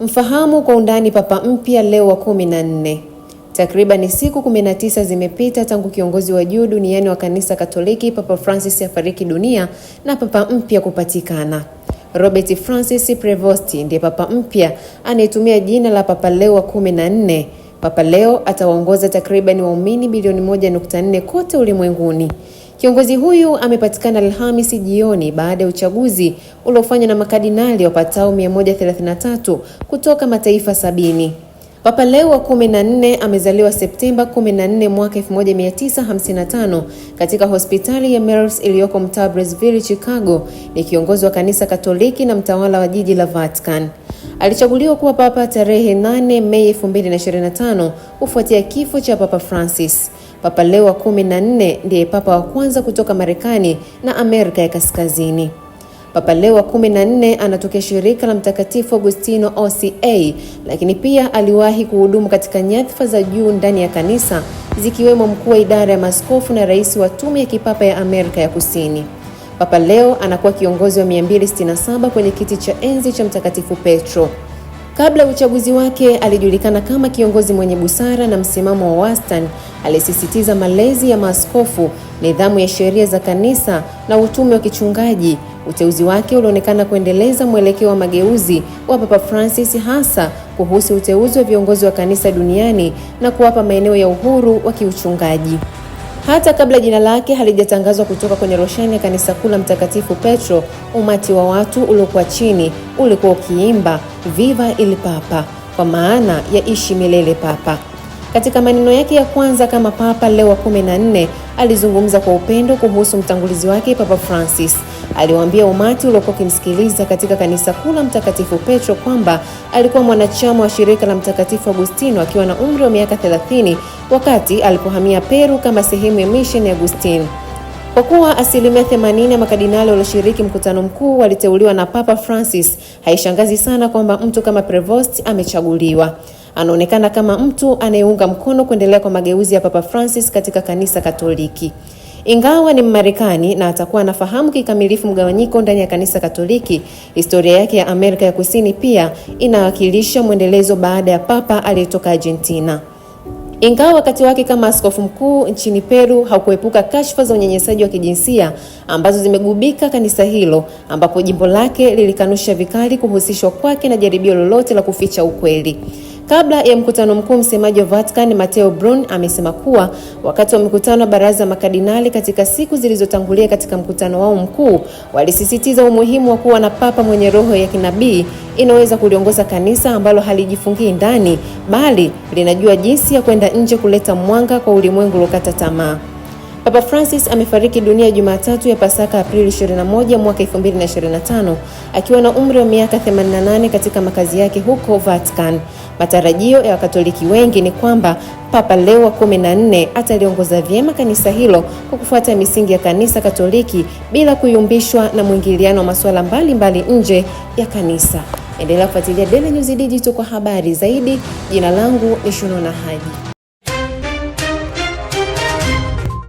Mfahamu kwa undani papa mpya Leo wa kumi na nne. Takriban siku 19 zimepita tangu kiongozi wa juu duniani wa kanisa Katoliki Papa Francis afariki dunia na papa mpya kupatikana. Robert Francis Prevost ndiye papa mpya anayetumia jina la Papa Leo wa kumi na nne. Papa Leo atawaongoza takriban waumini bilioni 1.4 kote ulimwenguni. Kiongozi huyu amepatikana Alhamisi jioni baada ya uchaguzi uliofanywa na wa wapatao 133 kutoka mataifa sabini. Papa Leo wa 14 amezaliwa Septemba 14 mwaka 1955 katika hospitali ya Mercy iliyoko mtaa Brownsville, Chicago. Ni kiongozi wa kanisa Katoliki na mtawala wa jiji la Vatican. Alichaguliwa kuwa papa tarehe 8 Mei 2025 kufuatia kifo cha Papa Francis. Papa Leo wa kumi na nne ndiye papa wa kwanza kutoka Marekani na Amerika ya Kaskazini. Papa Leo wa kumi na nne anatokea shirika la Mtakatifu Agustino OCA, lakini pia aliwahi kuhudumu katika nyadhifa za juu ndani ya kanisa zikiwemo mkuu wa idara ya maskofu na rais wa tume ya kipapa ya Amerika ya Kusini. Papa Leo anakuwa kiongozi wa 267 kwenye kiti cha enzi cha Mtakatifu Petro. Kabla ya uchaguzi wake alijulikana kama kiongozi mwenye busara na msimamo wa wastani, alisisitiza malezi ya maaskofu, nidhamu ya sheria za kanisa na utume wa kichungaji. Uteuzi wake ulionekana kuendeleza mwelekeo wa mageuzi wa Papa Francis, hasa kuhusu uteuzi wa viongozi wa kanisa duniani na kuwapa maeneo ya uhuru wa kiuchungaji. Hata kabla jina lake halijatangazwa kutoka kwenye roshani ya kanisa kuu la Mtakatifu Petro, umati wa watu uliokuwa chini ulikuwa ukiimba Viva il Papa, kwa maana ya ishi milele Papa. Katika maneno yake ya kwanza kama Papa Leo wa 14 alizungumza kwa upendo kuhusu mtangulizi wake Papa Francis. Aliwaambia umati uliokuwa ukimsikiliza katika kanisa kuu la Mtakatifu Petro kwamba alikuwa mwanachama wa shirika la Mtakatifu Agustino akiwa na umri wa miaka 30 wakati alipohamia Peru kama sehemu ya misheni ya Agustino. Kwa kuwa asilimia 80 ya makadinali walioshiriki mkutano mkuu waliteuliwa na Papa Francis, haishangazi sana kwamba mtu kama Prevost amechaguliwa. Anaonekana kama mtu anayeunga mkono kuendelea kwa mageuzi ya Papa Francis katika Kanisa Katoliki. Ingawa ni Mmarekani na atakuwa anafahamu kikamilifu mgawanyiko ndani ya Kanisa Katoliki, historia yake ya Amerika ya Kusini pia inawakilisha mwendelezo baada ya Papa aliyetoka Argentina. Ingawa wakati wake kama askofu mkuu nchini Peru haukuepuka kashfa za unyanyasaji wa kijinsia ambazo zimegubika kanisa hilo, ambapo jimbo lake lilikanusha vikali kuhusishwa kwake na jaribio lolote la kuficha ukweli. Kabla ya mkutano mkuu, msemaji wa Vatican Matteo Brun amesema kuwa wakati wa mkutano wa baraza makadinali katika siku zilizotangulia katika mkutano wao mkuu, walisisitiza umuhimu wa kuwa na papa mwenye roho ya kinabii inaweza kuliongoza kanisa ambalo halijifungii ndani, bali linajua jinsi ya kwenda nje kuleta mwanga kwa ulimwengu uliokata tamaa. Papa Francis amefariki dunia Jumatatu ya Pasaka Aprili 21 mwaka 2025 akiwa na umri wa miaka 88 katika makazi yake huko Vatican. Matarajio ya Wakatoliki wengi ni kwamba Papa Leo wa 14 ataliongoza vyema kanisa hilo kwa kufuata misingi ya kanisa Katoliki bila kuyumbishwa na mwingiliano wa masuala mbalimbali nje ya kanisa. Endelea kufuatilia Daily News Digital kwa habari zaidi. Jina langu ni Shunona Haji.